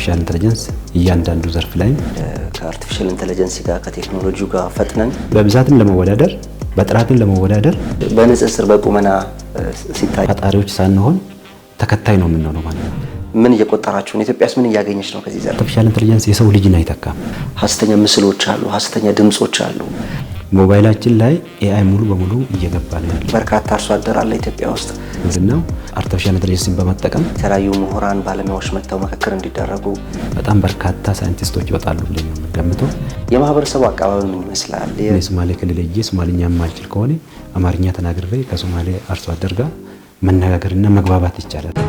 አርቲፊሻል ኢንተለጀንስ እያንዳንዱ ዘርፍ ላይ ከአርቲፊሻል ኢንተለጀንስ ጋር ከቴክኖሎጂ ጋር ፈጥነን በብዛትን ለመወዳደር በጥራትን ለመወዳደር በንጽስር በቁመና ሲታይ ፈጣሪዎች ሳንሆን ተከታይ ነው የምንሆነው ማለት ነው። ምን እየቆጠራችሁ ነው? ኢትዮጵያስ ምን እያገኘች ነው? ከዚህ ዘርፍ አርቲፊሻል ኢንተለጀንስ የሰው ልጅን አይተካም። ሀሰተኛ ምስሎች አሉ፣ ሀሰተኛ ድምጾች አሉ። ሞባይላችን ላይ ኤአይ ሙሉ በሙሉ እየገባ ነው ያለ። በርካታ አርሶ አደር አለ ኢትዮጵያ ውስጥ ዝናው አርቲፊሻል ኢንተለጀንስን በመጠቀም የተለያዩ ምሁራን ባለሙያዎች መጥተው ምክክር እንዲደረጉ በጣም በርካታ ሳይንቲስቶች ይወጣሉ ብለን ነው የምንገምተው። የማህበረሰቡ አቀባበል ምን ይመስላል? የሶማሌ ክልል እዬ ሶማሌኛ የማልችል ከሆነ አማርኛ ተናግሬ ከሶማሌ አርሶ አደር ጋር መነጋገርና መግባባት ይቻላል።